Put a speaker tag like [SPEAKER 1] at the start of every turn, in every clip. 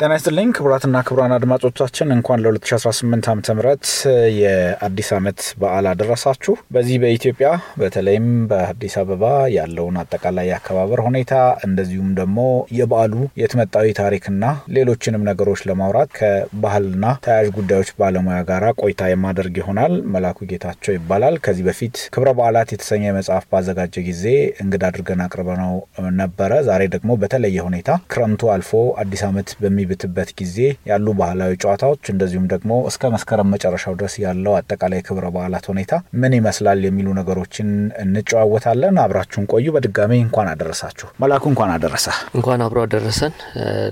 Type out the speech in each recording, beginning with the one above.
[SPEAKER 1] ጤና ይስጥልኝ ክቡራትና ክቡራን አድማጮቻችን እንኳን ለ2018 ዓ ም የአዲስ ዓመት በዓል አደረሳችሁ። በዚህ በኢትዮጵያ በተለይም በአዲስ አበባ ያለውን አጠቃላይ የአከባበር ሁኔታ እንደዚሁም ደግሞ የበዓሉ የትመጣዊ ታሪክና ሌሎችንም ነገሮች ለማውራት ከባህልና ተያያዥ ጉዳዮች ባለሙያ ጋር ቆይታ የማደርግ ይሆናል። መላኩ ጌታቸው ይባላል። ከዚህ በፊት ክብረ በዓላት የተሰኘ መጽሐፍ ባዘጋጀ ጊዜ እንግዳ አድርገን አቅርበነው ነበረ። ዛሬ ደግሞ በተለየ ሁኔታ ክረምቱ አልፎ አዲስ ዓመት በሚ በሚብትበት ጊዜ ያሉ ባህላዊ ጨዋታዎች እንደዚሁም ደግሞ እስከ መስከረም መጨረሻው ድረስ ያለው አጠቃላይ ክብረ በዓላት ሁኔታ ምን ይመስላል የሚሉ ነገሮችን እንጨዋወታለን። አብራችሁን ቆዩ። በድጋሚ እንኳን አደረሳችሁ።
[SPEAKER 2] መላኩ እንኳን አደረሰ። እንኳን አብሮ አደረሰን።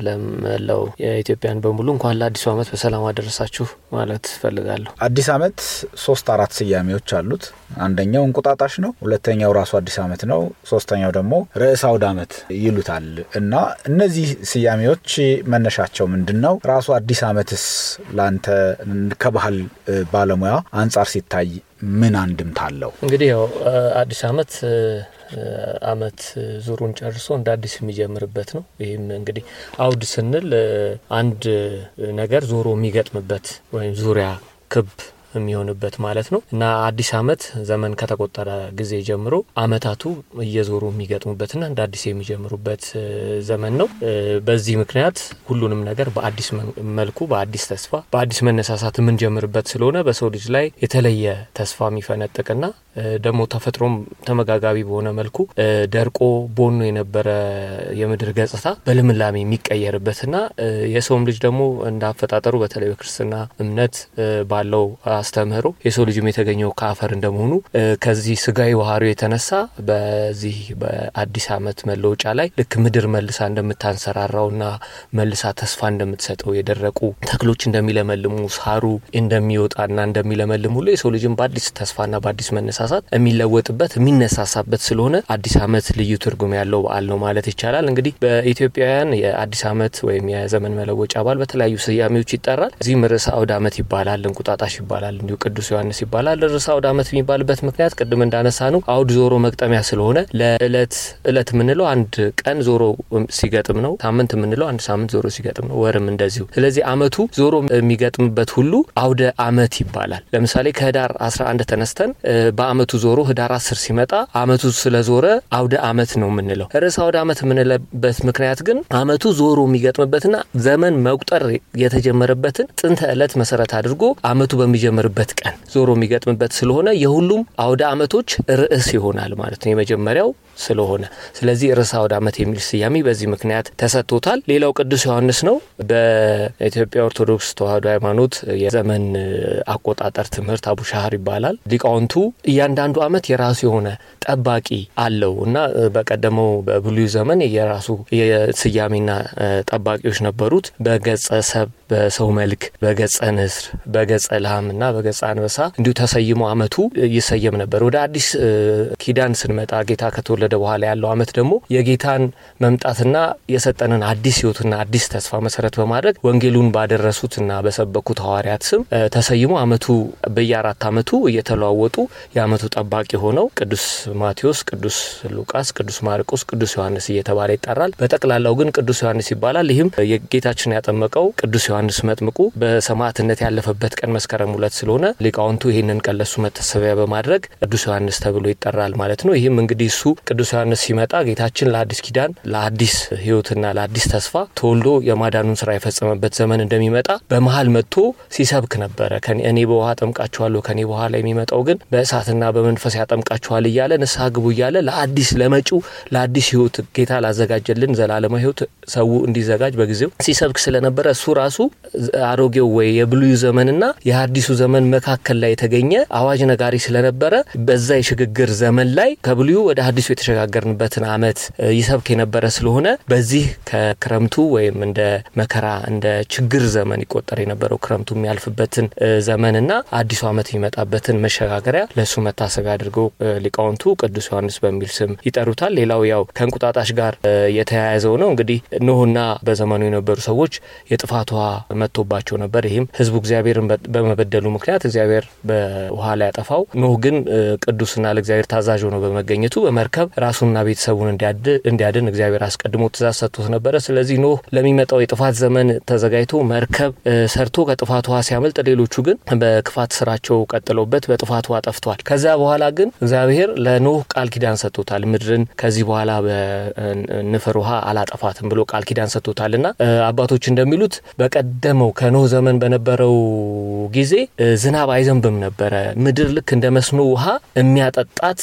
[SPEAKER 2] ለመላው የኢትዮጵያን በሙሉ እንኳን ለአዲሱ ዓመት በሰላም አደረሳችሁ ማለት ፈልጋለሁ።
[SPEAKER 1] አዲስ ዓመት ሶስት አራት ስያሜዎች አሉት። አንደኛው እንቁጣጣሽ ነው። ሁለተኛው ራሱ አዲስ ዓመት ነው። ሶስተኛው ደግሞ ርዕሰ አውደ ዓመት ይሉታል እና እነዚህ ስያሜዎች መነሻ ጥያቄያቸው ምንድን ነው? ራሱ አዲስ አመትስ ላንተ ከባህል ባለሙያ አንጻር ሲታይ ምን አንድምታ አለው? እንግዲህ
[SPEAKER 2] ያው አዲስ አመት አመት ዙሩን ጨርሶ እንደ አዲስ የሚጀምርበት ነው። ይህም እንግዲህ አውድ ስንል አንድ ነገር ዞሮ የሚገጥምበት ወይም ዙሪያ ክብ የሚሆንበት ማለት ነው እና አዲስ ዓመት ዘመን ከተቆጠረ ጊዜ ጀምሮ ዓመታቱ እየዞሩ የሚገጥሙበትና እንደ አዲስ የሚጀምሩበት ዘመን ነው። በዚህ ምክንያት ሁሉንም ነገር በአዲስ መልኩ፣ በአዲስ ተስፋ፣ በአዲስ መነሳሳት የምንጀምርበት ስለሆነ በሰው ልጅ ላይ የተለየ ተስፋ የሚፈነጥቅና ደግሞ ተፈጥሮም ተመጋጋቢ በሆነ መልኩ ደርቆ ቦኖ የነበረ የምድር ገጽታ በልምላሜ የሚቀየርበትና የሰውም ልጅ ደግሞ እንደ አፈጣጠሩ በተለይ በክርስትና እምነት ባለው አስተምህሮ የሰው ልጅም የተገኘው ከአፈር እንደመሆኑ ከዚህ ስጋዊ ባህሪው የተነሳ በዚህ በአዲስ ዓመት መለወጫ ላይ ልክ ምድር መልሳ እንደምታንሰራራውና መልሳ ተስፋ እንደምትሰጠው የደረቁ ተክሎች እንደሚለመልሙ ሳሩ እንደሚወጣና እንደሚለመልም ሁሉ የሰው ልጅም በአዲስ ተስፋና በአዲስ መነሳሳት የሚለወጥበት የሚነሳሳበት ስለሆነ አዲስ ዓመት ልዩ ትርጉም ያለው በዓል ነው ማለት ይቻላል። እንግዲህ በኢትዮጵያውያን የአዲስ ዓመት ወይም የዘመን መለወጫ በዓል በተለያዩ ስያሜዎች ይጠራል። እዚህም ርዕሰ አውድ ዓመት ይባላል፣ እንቁጣጣሽ ይባላል ይባላል። እንዲሁ ቅዱስ ዮሐንስ ይባላል። ርዕሰ አውደ ዓመት የሚባልበት ምክንያት ቅድም እንዳነሳ ነው አውድ ዞሮ መግጠሚያ ስለሆነ ለእለት እለት የምንለው አንድ ቀን ዞሮ ሲገጥም ነው። ሳምንት የምንለው አንድ ሳምንት ዞሮ ሲገጥም ነው። ወርም እንደዚሁ። ስለዚህ አመቱ ዞሮ የሚገጥምበት ሁሉ አውደ ዓመት ይባላል። ለምሳሌ ከህዳር 11 ተነስተን በአመቱ ዞሮ ህዳር 10 ሲመጣ አመቱ ስለዞረ አውደ ዓመት ነው የምንለው። ርዕሰ አውደ ዓመት የምንለበት ምክንያት ግን አመቱ ዞሮ የሚገጥምበትና ዘመን መቁጠር የተጀመረበትን ጥንተ ዕለት መሰረት አድርጎ አመቱ በሚጀምር የሚጀምርበት ቀን ዞሮ የሚገጥምበት ስለሆነ የሁሉም አውደ አመቶች ርዕስ ይሆናል ማለት ነው። የመጀመሪያው ስለሆነ ስለዚህ ርዕሰ አውደ ዓመት የሚል ስያሜ በዚህ ምክንያት ተሰጥቶታል። ሌላው ቅዱስ ዮሐንስ ነው። በኢትዮጵያ ኦርቶዶክስ ተዋሕዶ ሃይማኖት የዘመን አቆጣጠር ትምህርት አቡሻህር ይባላል። ሊቃውንቱ እያንዳንዱ ዓመት የራሱ የሆነ ጠባቂ አለው እና በቀደመው በብሉይ ዘመን የራሱ የስያሜና ጠባቂዎች ነበሩት። በገጸ ሰብ፣ በሰው መልክ፣ በገጸ ንስር፣ በገጸ ላም እና በገጸ አንበሳ እንዲሁ ተሰይሞ ዓመቱ ይሰየም ነበር። ወደ አዲስ ኪዳን ስንመጣ ጌታ ከተወለ ከተወለደ በኋላ ያለው አመት ደግሞ የጌታን መምጣትና የሰጠንን አዲስ ህይወትና አዲስ ተስፋ መሰረት በማድረግ ወንጌሉን ባደረሱትና በሰበኩት ሐዋርያት ስም ተሰይሞ አመቱ በየአራት አመቱ እየተለዋወጡ የአመቱ ጠባቂ ሆነው ቅዱስ ማቴዎስ፣ ቅዱስ ሉቃስ፣ ቅዱስ ማርቆስ፣ ቅዱስ ዮሐንስ እየተባለ ይጠራል። በጠቅላላው ግን ቅዱስ ዮሐንስ ይባላል። ይህም የጌታችን ያጠመቀው ቅዱስ ዮሐንስ መጥምቁ በሰማዕትነት ያለፈበት ቀን መስከረም ሁለት ስለሆነ ሊቃውንቱ ይህንን ቀን ለሱ መታሰቢያ በማድረግ ቅዱስ ዮሐንስ ተብሎ ይጠራል ማለት ነው። ይህም እንግዲህ እሱ ቅዱስ ዮሐንስ ሲመጣ ጌታችን ለአዲስ ኪዳን ለአዲስ ህይወትና ለአዲስ ተስፋ ተወልዶ የማዳኑን ስራ የፈጸመበት ዘመን እንደሚመጣ በመሀል መጥቶ ሲሰብክ ነበረ። እኔ በውሃ አጠምቃችኋለሁ፣ ከኔ በኋላ የሚመጣው ግን በእሳትና በመንፈስ ያጠምቃችኋል እያለ ንስሐ ግቡ እያለ ለአዲስ ለመጪው ለአዲስ ህይወት ጌታ ላዘጋጀልን ዘላለማ ህይወት ሰው እንዲዘጋጅ በጊዜው ሲሰብክ ስለነበረ እሱ ራሱ አሮጌው ወይ የብሉዩ ዘመንና የአዲሱ ዘመን መካከል ላይ የተገኘ አዋጅ ነጋሪ ስለነበረ በዛ የሽግግር ዘመን ላይ ከብሉዩ ወደ አዲሱ የተሸጋገርንበትን አመት ይሰብክ የነበረ ስለሆነ በዚህ ከክረምቱ ወይም እንደ መከራ እንደ ችግር ዘመን ይቆጠር የነበረው ክረምቱ የሚያልፍበትን ዘመን እና አዲሱ አመት የሚመጣበትን መሸጋገሪያ ለእሱ መታሰቢያ አድርገው ሊቃውንቱ ቅዱስ ዮሐንስ በሚል ስም ይጠሩታል። ሌላው ያው ከእንቁጣጣሽ ጋር የተያያዘው ነው። እንግዲህ ኖህና በዘመኑ የነበሩ ሰዎች የጥፋት ውሃ መጥቶባቸው ነበር። ይህም ህዝቡ እግዚአብሔርን በመበደሉ ምክንያት እግዚአብሔር በውሃ ላይ ያጠፋው። ኖህ ግን ቅዱስና ለእግዚአብሔር ታዛዥ ሆኖ በመገኘቱ በመርከብ ራሱና ቤተሰቡን እንዲያድን እግዚአብሔር አስቀድሞ ትእዛዝ ሰጥቶት ነበረ። ስለዚህ ኖህ ለሚመጣው የጥፋት ዘመን ተዘጋጅቶ መርከብ ሰርቶ ከጥፋት ውሃ ሲያመልጥ፣ ሌሎቹ ግን በክፋት ስራቸው ቀጥለውበት በጥፋት ውሃ ጠፍቷል። ከዛ በኋላ ግን እግዚአብሔር ለኖህ ቃል ኪዳን ሰጥቶታል። ምድርን ከዚህ በኋላ በንፍር ውሃ አላጠፋትም ብሎ ቃል ኪዳን ሰጥቶታል እና አባቶች እንደሚሉት በቀደመው ከኖህ ዘመን በነበረው ጊዜ ዝናብ አይዘንብም ነበረ። ምድር ልክ እንደ መስኖ ውሃ የሚያጠጣት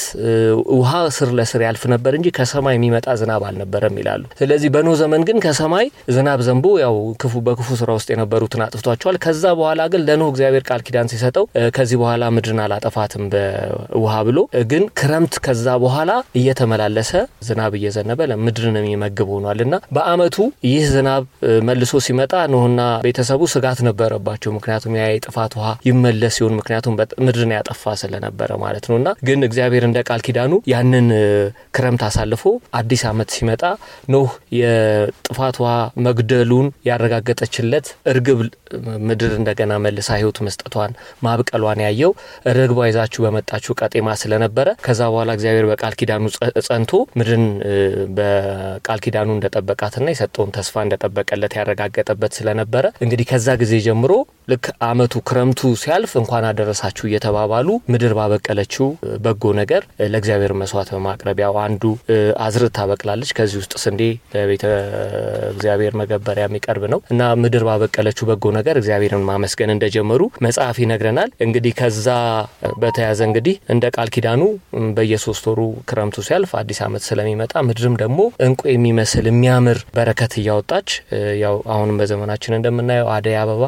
[SPEAKER 2] ውሃ ስር ለስር ስር ያልፍ ነበር እንጂ ከሰማይ የሚመጣ ዝናብ አልነበረም ይላሉ። ስለዚህ በኖ ዘመን ግን ከሰማይ ዝናብ ዘንቦ ያው ክፉ በክፉ ስራ ውስጥ የነበሩትን አጥፍቷቸዋል። ከዛ በኋላ ግን ለኖ እግዚአብሔር ቃል ኪዳን ሲሰጠው ከዚህ በኋላ ምድርን አላጠፋትም በውሃ ብሎ ግን ክረምት ከዛ በኋላ እየተመላለሰ ዝናብ እየዘነበ ለምድርን የሚመግብ ሆኗል እና በአመቱ ይህ ዝናብ መልሶ ሲመጣ ኖህና ቤተሰቡ ስጋት ነበረባቸው። ምክንያቱም ያ የጥፋት ውሃ ይመለስ ሲሆን ምክንያቱም ምድርን ያጠፋ ስለነበረ ማለት ነው እና ግን እግዚአብሔር እንደ ቃል ኪዳኑ ያንን ክረምት አሳልፎ አዲስ ዓመት ሲመጣ ኖህ የጥፋቷ መግደሉን ያረጋገጠችለት እርግብ ምድር እንደገና መልሳ ህይወት መስጠቷን ማብቀሏን ያየው ርግቧ ይዛችሁ በመጣችሁ ቀጤማ ስለነበረ ከዛ በኋላ እግዚአብሔር በቃል ኪዳኑ ጸንቶ ምድርን በቃል ኪዳኑ እንደጠበቃትና የሰጠውን ተስፋ እንደጠበቀለት ያረጋገጠበት ስለነበረ እንግዲህ ከዛ ጊዜ ጀምሮ ልክ አመቱ ክረምቱ ሲያልፍ እንኳን አደረሳችሁ እየተባባሉ ምድር ባበቀለችው በጎ ነገር ለእግዚአብሔር መስዋዕት በማቅረብ ያው አንዱ አዝርት ታበቅላለች። ከዚህ ውስጥ ስንዴ ለቤተ እግዚአብሔር መገበሪያ የሚቀርብ ነው እና ምድር ባበቀለችው በጎ ነገር እግዚአብሔርን ማመስገን እንደጀመሩ መጽሐፍ ይነግረናል። እንግዲህ ከዛ በተያዘ እንግዲህ እንደ ቃል ኪዳኑ በየሶስት ወሩ ክረምቱ ሲያልፍ አዲስ አመት ስለሚመጣ ምድርም ደግሞ እንቁ የሚመስል የሚያምር በረከት እያወጣች ያው አሁንም በዘመናችን እንደምናየው አደይ አበባ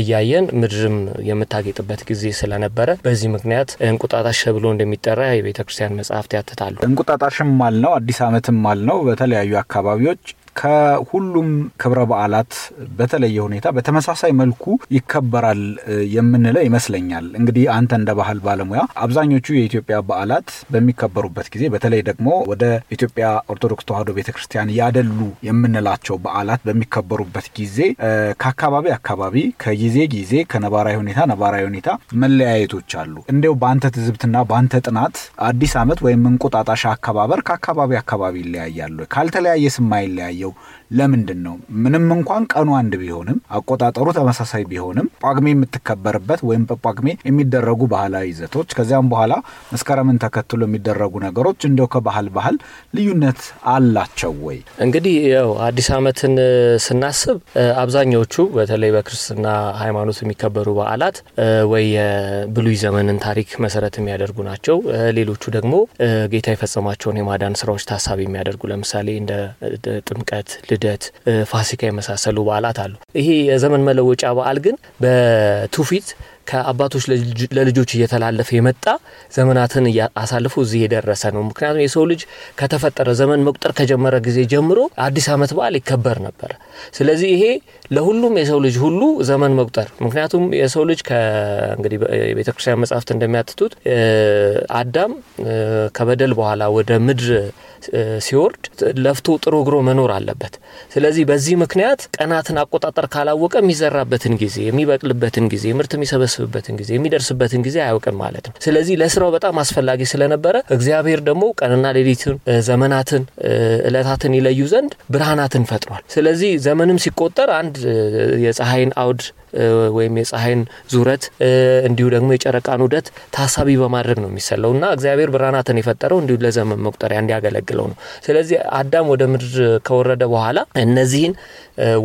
[SPEAKER 2] እያ እያየን ምድርም የምታጌጥበት ጊዜ ስለነበረ በዚህ ምክንያት እንቁጣጣሽ ብሎ እንደሚጠራ የቤተክርስቲያን መጽሐፍት ያትታሉ።
[SPEAKER 1] እንቁጣጣሽም ማል ነው፣ አዲስ ዓመትም ማል ነው። በተለያዩ አካባቢዎች ከሁሉም ክብረ በዓላት በተለየ ሁኔታ በተመሳሳይ መልኩ ይከበራል የምንለው ይመስለኛል። እንግዲህ አንተ እንደ ባህል ባለሙያ አብዛኞቹ የኢትዮጵያ በዓላት በሚከበሩበት ጊዜ በተለይ ደግሞ ወደ ኢትዮጵያ ኦርቶዶክስ ተዋሕዶ ቤተክርስቲያን ያደሉ የምንላቸው በዓላት በሚከበሩበት ጊዜ ከአካባቢ አካባቢ ከጊዜ ጊዜ ከነባራዊ ሁኔታ ነባራዊ ሁኔታ መለያየቶች አሉ። እንዲው በአንተ ትዝብትና በአንተ ጥናት አዲስ ዓመት ወይም እንቁጣጣሽ አከባበር ከአካባቢ አካባቢ ይለያያሉ? ካልተለያየ ስማ ይለያየው የሚለየው ለምንድን ነው? ምንም እንኳን ቀኑ አንድ ቢሆንም አቆጣጠሩ ተመሳሳይ ቢሆንም ጳጉሜ የምትከበርበት ወይም በጳጉሜ የሚደረጉ ባህላዊ ይዘቶች ከዚያም በኋላ መስከረምን ተከትሎ የሚደረጉ ነገሮች እንደው ከባህል ባህል ልዩነት አላቸው ወይ?
[SPEAKER 2] እንግዲህ ያው አዲስ ዓመትን ስናስብ አብዛኛዎቹ በተለይ በክርስትና ሃይማኖት የሚከበሩ በዓላት ወይ የብሉይ ዘመንን ታሪክ መሰረት የሚያደርጉ ናቸው። ሌሎቹ ደግሞ ጌታ የፈጸማቸውን የማዳን ስራዎች ታሳቢ የሚያደርጉ ለምሳሌ እንደ ጥምቀት ጥምቀት፣ ልደት፣ ፋሲካ የመሳሰሉ በዓላት አሉ። ይሄ የዘመን መለወጫ በዓል ግን በትውፊት ከአባቶች ለልጆች እየተላለፈ የመጣ ዘመናትን አሳልፎ እዚህ የደረሰ ነው። ምክንያቱም የሰው ልጅ ከተፈጠረ ዘመን መቁጠር ከጀመረ ጊዜ ጀምሮ አዲስ ዓመት በዓል ይከበር ነበር። ስለዚህ ይሄ ለሁሉም የሰው ልጅ ሁሉ ዘመን መቁጠር ምክንያቱም የሰው ልጅ እንግዲህ የቤተ መጽሐፍት እንደሚያትቱት አዳም ከበደል በኋላ ወደ ምድር ሲወርድ ለፍቶ ጥሮ ግሮ መኖር አለበት። ስለዚህ በዚህ ምክንያት ቀናትን አቆጣጠር ካላወቀ የሚዘራበትን ጊዜ፣ የሚበቅልበትን ጊዜ፣ ምርት የሚሰበስብበትን ጊዜ፣ የሚደርስበትን ጊዜ አያውቅም ማለት ነው። ስለዚህ ለስራው በጣም አስፈላጊ ስለነበረ እግዚአብሔር ደግሞ ቀንና ሌሊትን፣ ዘመናትን፣ እለታትን ይለዩ ዘንድ ብርሃናትን ፈጥሯል። ስለዚህ ዘመንም ሲቆጠር አንድ የፀሐይን አውድ ወይም የፀሐይን ዙረት እንዲሁ ደግሞ የጨረቃን ውደት ታሳቢ በማድረግ ነው የሚሰለው እና እግዚአብሔር ብርሃናትን የፈጠረው እንዲሁ ለዘመን መቁጠሪያ እንዲያገለግለው ነው። ስለዚህ አዳም ወደ ምድር ከወረደ በኋላ እነዚህን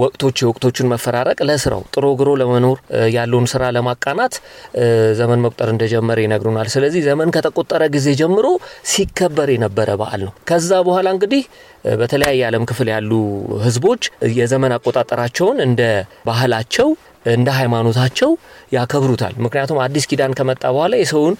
[SPEAKER 2] ወቅቶች የወቅቶቹን መፈራረቅ ለስራው ጥሮ ግሮ ለመኖር ያለውን ስራ ለማቃናት ዘመን መቁጠር እንደጀመረ ይነግሩናል። ስለዚህ ዘመን ከተቆጠረ ጊዜ ጀምሮ ሲከበር የነበረ በዓል ነው። ከዛ በኋላ እንግዲህ በተለያየ ዓለም ክፍል ያሉ ህዝቦች የዘመን አቆጣጠራቸውን እንደ ባህላቸው እንደ ሃይማኖታቸው ያከብሩታል። ምክንያቱም አዲስ ኪዳን ከመጣ በኋላ የሰውን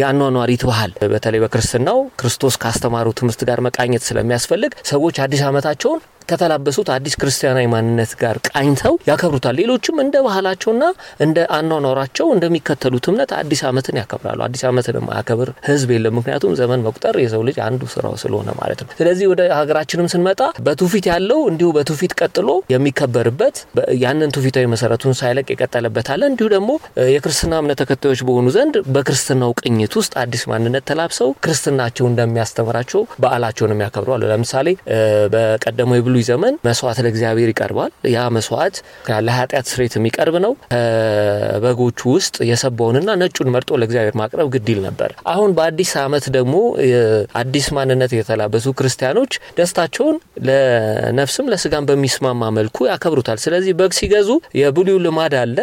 [SPEAKER 2] የአኗኗሪት ባህል በተለይ በክርስትናው ክርስቶስ ካስተማሩ ትምህርት ጋር መቃኘት ስለሚያስፈልግ ሰዎች አዲስ ዓመታቸውን ከተላበሱት አዲስ ክርስቲያናዊ ማንነት ጋር ቃኝተው ያከብሩታል። ሌሎችም እንደ ባህላቸውና እንደ አኗኗራቸው እንደሚከተሉት እምነት አዲስ ዓመትን ያከብራሉ። አዲስ ዓመትን የማያከብር ህዝብ የለም። ምክንያቱም ዘመን መቁጠር የሰው ልጅ አንዱ ስራው ስለሆነ ማለት ነው። ስለዚህ ወደ ሀገራችንም ስንመጣ በትውፊት ያለው እንዲሁ በትውፊት ቀጥሎ የሚከበርበት ያንን ትውፊታዊ መሰረቱን ሳይለቅ የቀጠለበት አለ። እንዲሁ ደግሞ የክርስትና እምነት ተከታዮች በሆኑ ዘንድ በክርስትናው ቅኝት ውስጥ አዲስ ማንነት ተላብሰው ክርስትናቸው እንደሚያስተምራቸው በዓላቸውን የሚያከብረዋል። ለምሳሌ በቀደመው በሁሉ ዘመን መስዋዕት ለእግዚአብሔር ይቀርባል። ያ መስዋዕት ለኃጢአት ስሬት የሚቀርብ ነው። በጎቹ ውስጥ የሰባውንና ነጩን መርጦ ለእግዚአብሔር ማቅረብ ግድ ይል ነበር። አሁን በአዲስ ዓመት ደግሞ አዲስ ማንነት የተላበሱ ክርስቲያኖች ደስታቸውን ለነፍስም ለስጋም በሚስማማ መልኩ ያከብሩታል። ስለዚህ በግ ሲገዙ የብሉዩ ልማድ አለ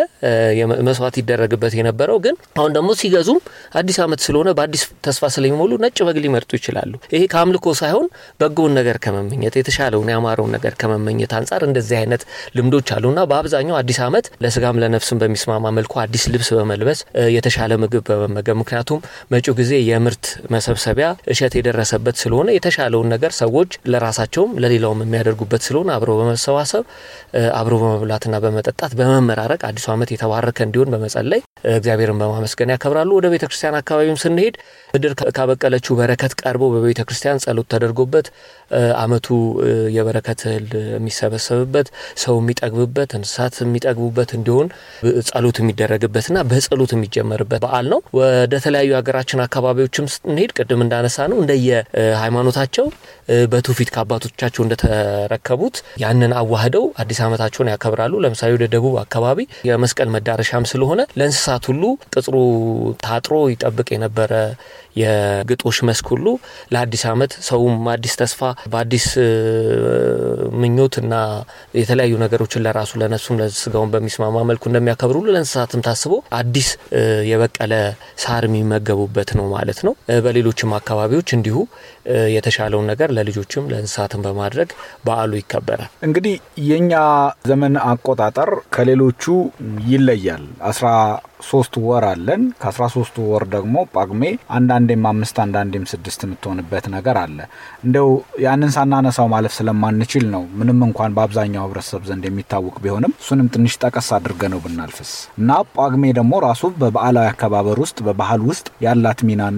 [SPEAKER 2] መስዋዕት ይደረግበት የነበረው ግን አሁን ደግሞ ሲገዙም አዲስ ዓመት ስለሆነ በአዲስ ተስፋ ስለሚሞሉ ነጭ በግ ሊመርጡ ይችላሉ። ይሄ ከአምልኮ ሳይሆን በጎውን ነገር ከመመኘት የተሻለውን ያማረ የሚሻለውን ነገር ከመመኘት አንጻር እንደዚህ አይነት ልምዶች አሉና በአብዛኛው አዲስ ዓመት ለስጋም ለነፍስም በሚስማማ መልኩ አዲስ ልብስ በመልበስ የተሻለ ምግብ በመመገብ ምክንያቱም መጪው ጊዜ የምርት መሰብሰቢያ እሸት የደረሰበት ስለሆነ የተሻለውን ነገር ሰዎች ለራሳቸውም ለሌላውም የሚያደርጉበት ስለሆነ አብሮ በመሰባሰብ አብሮ በመብላትና በመጠጣት በመመራረቅ አዲሱ ዓመት የተባረከ እንዲሆን በመጸለይ እግዚአብሔርን በማመስገን ያከብራሉ። ወደ ቤተ ክርስቲያን አካባቢም ስንሄድ ምድር ካበቀለችው በረከት ቀርቦ በቤተ ክርስቲያን ጸሎት ተደርጎበት አመቱ የበረከት ከትል የሚሰበሰብበት ሰው የሚጠግብበት እንስሳት የሚጠግቡበት እንዲሆን ጸሎት የሚደረግበትና በጸሎት የሚጀመርበት በዓል ነው። ወደ ተለያዩ ሀገራችን አካባቢዎችም ስንሄድ ቅድም እንዳነሳ ነው እንደየ ሃይማኖታቸው በትውፊት ከአባቶቻቸው እንደተረከቡት ያንን አዋህደው አዲስ ዓመታቸውን ያከብራሉ። ለምሳሌ ወደ ደቡብ አካባቢ የመስቀል መዳረሻም ስለሆነ ለእንስሳት ሁሉ ቅጥሩ ታጥሮ ይጠብቅ የነበረ የግጦሽ መስክ ሁሉ ለአዲስ ዓመት ሰውም አዲስ ተስፋ በአዲስ እና የተለያዩ ነገሮችን ለራሱ ለነሱም ለስጋውን በሚስማማ መልኩ እንደሚያከብር ሁሉ ለእንስሳትም ታስቦ አዲስ የበቀለ ሳር የሚመገቡበት ነው ማለት ነው። በሌሎችም አካባቢዎች እንዲሁ የተሻለውን ነገር ለልጆችም ለእንስሳትም በማድረግ በዓሉ ይከበራል።
[SPEAKER 1] እንግዲህ የእኛ ዘመን አቆጣጠር ከሌሎቹ ይለያል። አስራ ሶስት ወር አለን። ከአስራ ሶስቱ ወር ደግሞ ጳጉሜ አንዳንዴም አምስት አንዳንዴም ስድስት የምትሆንበት ነገር አለ። እንደው ያንን ሳናነሳው ማለፍ ስለማንችል ነው። ምንም እንኳን በአብዛኛው ህብረተሰብ ዘንድ የሚታወቅ ቢሆንም እሱንም ትንሽ ጠቀስ አድርገ ነው ብናልፍስ እና ጳጉሜ ደግሞ ራሱ በበዓላዊ አከባበር ውስጥ በባህል ውስጥ ያላት ሚናና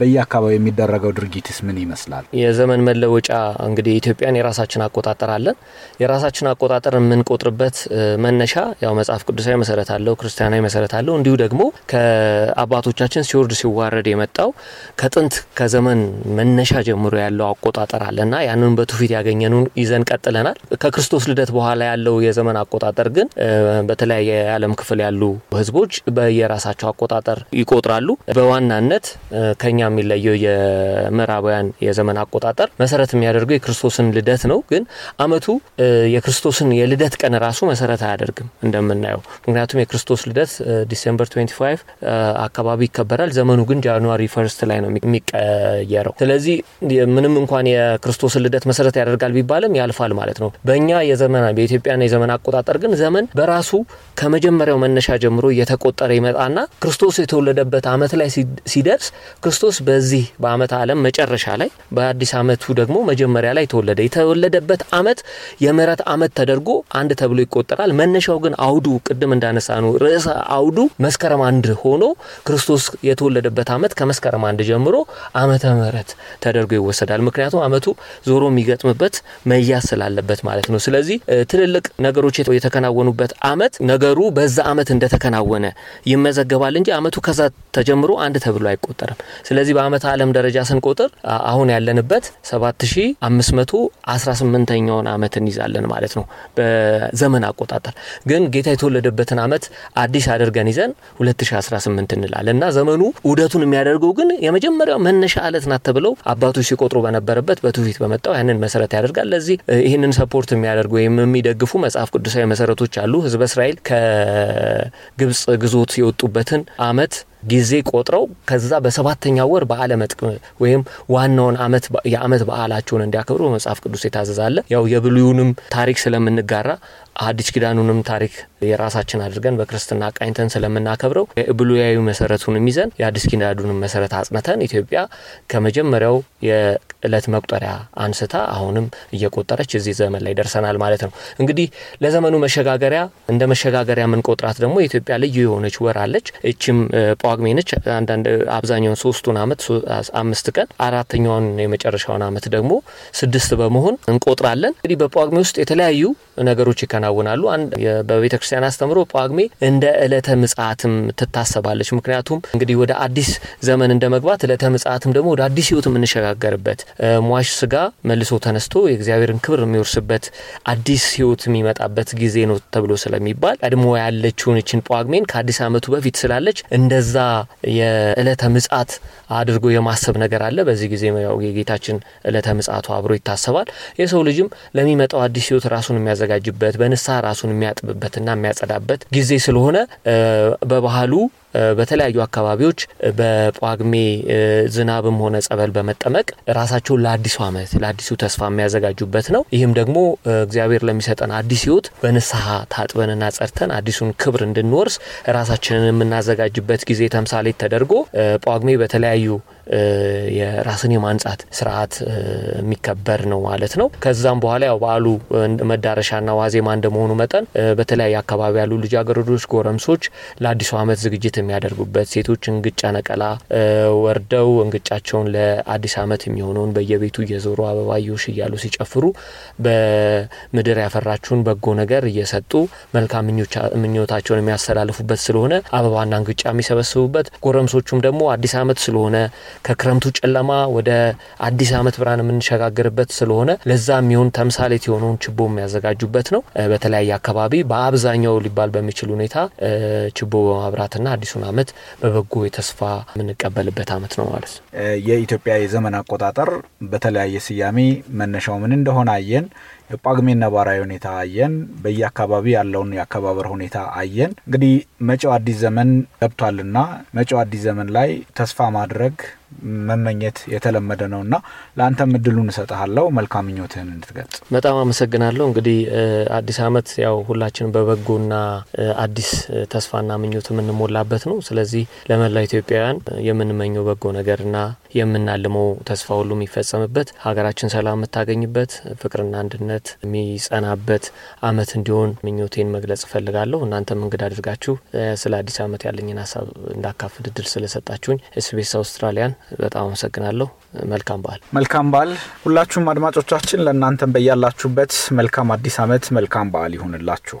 [SPEAKER 1] በየአካባቢው የሚደረገው ድርጊትስ ምን ይመስላል?
[SPEAKER 2] የዘመን መለወጫ እንግዲህ ኢትዮጵያን የራሳችን አቆጣጠር አለን። የራሳችን አቆጣጠር የምንቆጥርበት መነሻ ያው መጽሐፍ ቅዱሳዊ መሰረት አለው፣ ክርስቲያናዊ መሰረት አለው ያለው እንዲሁ ደግሞ ከአባቶቻችን ሲወርድ ሲዋረድ የመጣው ከጥንት ከዘመን መነሻ ጀምሮ ያለው አቆጣጠር አለና ያንን በትውፊት ያገኘንን ይዘን ቀጥለናል። ከክርስቶስ ልደት በኋላ ያለው የዘመን አቆጣጠር ግን በተለያየ የዓለም ክፍል ያሉ ህዝቦች በየራሳቸው አቆጣጠር ይቆጥራሉ። በዋናነት ከኛ የሚለየው የምዕራባውያን የዘመን አቆጣጠር መሰረት የሚያደርገው የክርስቶስን ልደት ነው። ግን አመቱ የክርስቶስን የልደት ቀን ራሱ መሰረት አያደርግም እንደምናየው። ምክንያቱም የክርስቶስ ልደት ዲሴምበር 25 uh, አካባቢ ይከበራል። ዘመኑ ግን ጃንዋሪ ፈርስት ላይ ነው የሚቀየረው። ስለዚህ ምንም እንኳን የክርስቶስን ልደት መሰረት ያደርጋል ቢባልም ያልፋል ማለት ነው። በእኛ የዘመና በኢትዮጵያና የዘመን አቆጣጠር ግን ዘመን በራሱ ከመጀመሪያው መነሻ ጀምሮ እየተቆጠረ ይመጣና ክርስቶስ የተወለደበት አመት ላይ ሲደርስ ክርስቶስ በዚህ በአመት አለም መጨረሻ ላይ በአዲስ አመቱ ደግሞ መጀመሪያ ላይ ተወለደ። የተወለደበት አመት የምረት አመት ተደርጎ አንድ ተብሎ ይቆጠራል። መነሻው ግን አውዱ ቅድም እንዳነሳ ነው ርዕሰ አውዱ መስከረም አንድ ሆኖ ክርስቶስ የተወለደበት ዓመት ከመስከረም አንድ ጀምሮ አመተ ምህረት ተደርጎ ይወሰዳል። ምክንያቱም አመቱ ዞሮ የሚገጥምበት መያዝ ስላለበት ማለት ነው። ስለዚህ ትልልቅ ነገሮች የተከናወኑበት አመት ነገሩ በዛ አመት እንደተከናወነ ይመዘገባል እንጂ አመቱ ከዛ ተጀምሮ አንድ ተብሎ አይቆጠርም። ስለዚህ በአመት አለም ደረጃ ስንቆጥር አሁን ያለንበት 7518ኛውን አመት እንይዛለን ማለት ነው በዘመን አቆጣጠር። ግን ጌታ የተወለደበትን አመት አዲስ አድርገን ይዘን ብለን 2018 እንላል እና ዘመኑ ውደቱን የሚያደርገው ግን የመጀመሪያው መነሻ አለት ናት ተብለው አባቶች ሲቆጥሩ በነበረበት በትውፊት በመጣው ያንን መሰረት ያደርጋል። ለዚህ ይህንን ሰፖርት የሚያደርጉ ወይም የሚደግፉ መጽሐፍ ቅዱሳዊ መሰረቶች አሉ። ህዝበ እስራኤል ከግብፅ ግዞት የወጡበትን አመት ጊዜ ቆጥረው ከዛ በሰባተኛ ወር በዓለ ወይም ዋናውን ዓመት የዓመት በዓላቸውን እንዲያከብሩ መጽሐፍ ቅዱስ የታዘዛለ። ያው የብሉዩንም ታሪክ ስለምንጋራ አዲስ ኪዳኑንም ታሪክ የራሳችን አድርገን በክርስትና ቃኝተን ስለምናከብረው የብሉያዊ መሰረቱንም ይዘን የአዲስ ኪዳኑንም መሰረት አጽንተን ኢትዮጵያ ከመጀመሪያው የዕለት መቁጠሪያ አንስታ አሁንም እየቆጠረች እዚህ ዘመን ላይ ደርሰናል ማለት ነው። እንግዲህ ለዘመኑ መሸጋገሪያ እንደ መሸጋገሪያ የምንቆጥራት ደግሞ የኢትዮጵያ ልዩ የሆነች ወር አለች። እችም ጳጉሜ ነች። አንዳንድ አብዛኛውን ሶስቱን አመት አምስት ቀን አራተኛውን የመጨረሻውን አመት ደግሞ ስድስት በመሆን እንቆጥራለን። እንግዲህ በጳጉሜ ውስጥ የተለያዩ ነገሮች ይከናወናሉ። በቤተ ክርስቲያን አስተምሮ ጳጉሜ እንደ ዕለተ ምጽአትም ትታሰባለች። ምክንያቱም እንግዲህ ወደ አዲስ ዘመን እንደ መግባት ዕለተ ምጽአትም ደግሞ ወደ አዲስ ህይወት የምንሸጋገርበት ሟሽ ስጋ መልሶ ተነስቶ የእግዚአብሔርን ክብር የሚወርስበት አዲስ ህይወት የሚመጣበት ጊዜ ነው ተብሎ ስለሚባል ቀድሞ ያለችውን ይችን ጳጉሜን ከአዲስ አመቱ በፊት ስላለች እንደዛ የእለተ ምጻት አድርጎ የማሰብ ነገር አለ። በዚህ ጊዜ ያው የጌታችን እለተ ምጻቱ አብሮ ይታሰባል። የሰው ልጅም ለሚመጣው አዲስ ህይወት ራሱን የሚያዘጋጅበት በንስሐ ራሱን የሚያጥብበትና የሚያጸዳበት ጊዜ ስለሆነ በባህሉ በተለያዩ አካባቢዎች በጳጉሜ ዝናብም ሆነ ጸበል በመጠመቅ ራሳቸውን ለአዲሱ ዓመት ለአዲሱ ተስፋ የሚያዘጋጁበት ነው። ይህም ደግሞ እግዚአብሔር ለሚሰጠን አዲስ ህይወት በንስሐ ታጥበንና ጸድተን አዲሱን ክብር እንድንወርስ ራሳችንን የምናዘጋጅበት ጊዜ ተምሳሌት ተደርጎ ጳጉሜ በተለያዩ የራስን የማንጻት ስርዓት የሚከበር ነው ማለት ነው። ከዛም በኋላ ያው በዓሉ መዳረሻና ዋዜማ እንደመሆኑ መጠን በተለያየ አካባቢ ያሉ ልጃገረዶች፣ ጎረምሶች ለአዲሱ ዓመት ዝግጅት የሚያደርጉበት ሴቶች እንግጫ ነቀላ ወርደው እንግጫቸውን ለአዲስ ዓመት የሚሆነውን በየቤቱ እየዞሩ አበባዮሽ እያሉ ሲጨፍሩ በምድር ያፈራችውን በጎ ነገር እየሰጡ መልካም ምኞታቸውን የሚያስተላልፉበት ስለሆነ አበባና እንግጫ የሚሰበስቡበት፣ ጎረምሶቹም ደግሞ አዲስ ዓመት ስለሆነ ከክረምቱ ጨለማ ወደ አዲስ ዓመት ብርሃን የምንሸጋግርበት ስለሆነ ለዛ የሚሆን ተምሳሌት የሆነውን ችቦ የሚያዘጋጁበት ነው። በተለያየ አካባቢ በአብዛኛው ሊባል በሚችል ሁኔታ ችቦ በማብራትና አዲሱ መጪውን አመት በበጎ የተስፋ የምንቀበልበት አመት ነው ማለት ነው።
[SPEAKER 1] የኢትዮጵያ የዘመን አቆጣጠር በተለያየ ስያሜ መነሻው ምን እንደሆነ አየን። ጳጉሜና ነባራዊ ሁኔታ አየን። በየአካባቢ ያለውን የአከባበር ሁኔታ አየን። እንግዲህ መጪው አዲስ ዘመን ገብቷልና መጪው አዲስ ዘመን ላይ ተስፋ ማድረግ መመኘት የተለመደ ነውና ለአንተም እድሉን እሰጥሃለሁ መልካም ምኞትህን እንድትገልጽ።
[SPEAKER 2] በጣም አመሰግናለሁ። እንግዲህ አዲስ ዓመት ያው ሁላችን በበጎና አዲስ ተስፋና ምኞት የምንሞላበት ነው። ስለዚህ ለመላ ኢትዮጵያውያን የምንመኘው በጎ ነገርና የምናልመው ተስፋ ሁሉ የሚፈጸምበት ሀገራችን ሰላም የምታገኝበት ፍቅርና አንድነት የሚጸናበት አመት እንዲሆን ምኞቴን መግለጽ እፈልጋለሁ። እናንተም እንግዳ አድርጋችሁ ስለ አዲስ አመት ያለኝን ሀሳብ እንዳካፍል እድል ስለሰጣችሁኝ ኤስቢኤስ አውስትራሊያን በጣም
[SPEAKER 1] አመሰግናለሁ። መልካም በዓል መልካም በዓል ሁላችሁም አድማጮቻችን፣ ለእናንተም በያላችሁበት መልካም አዲስ አመት መልካም በዓል ይሁንላችሁ።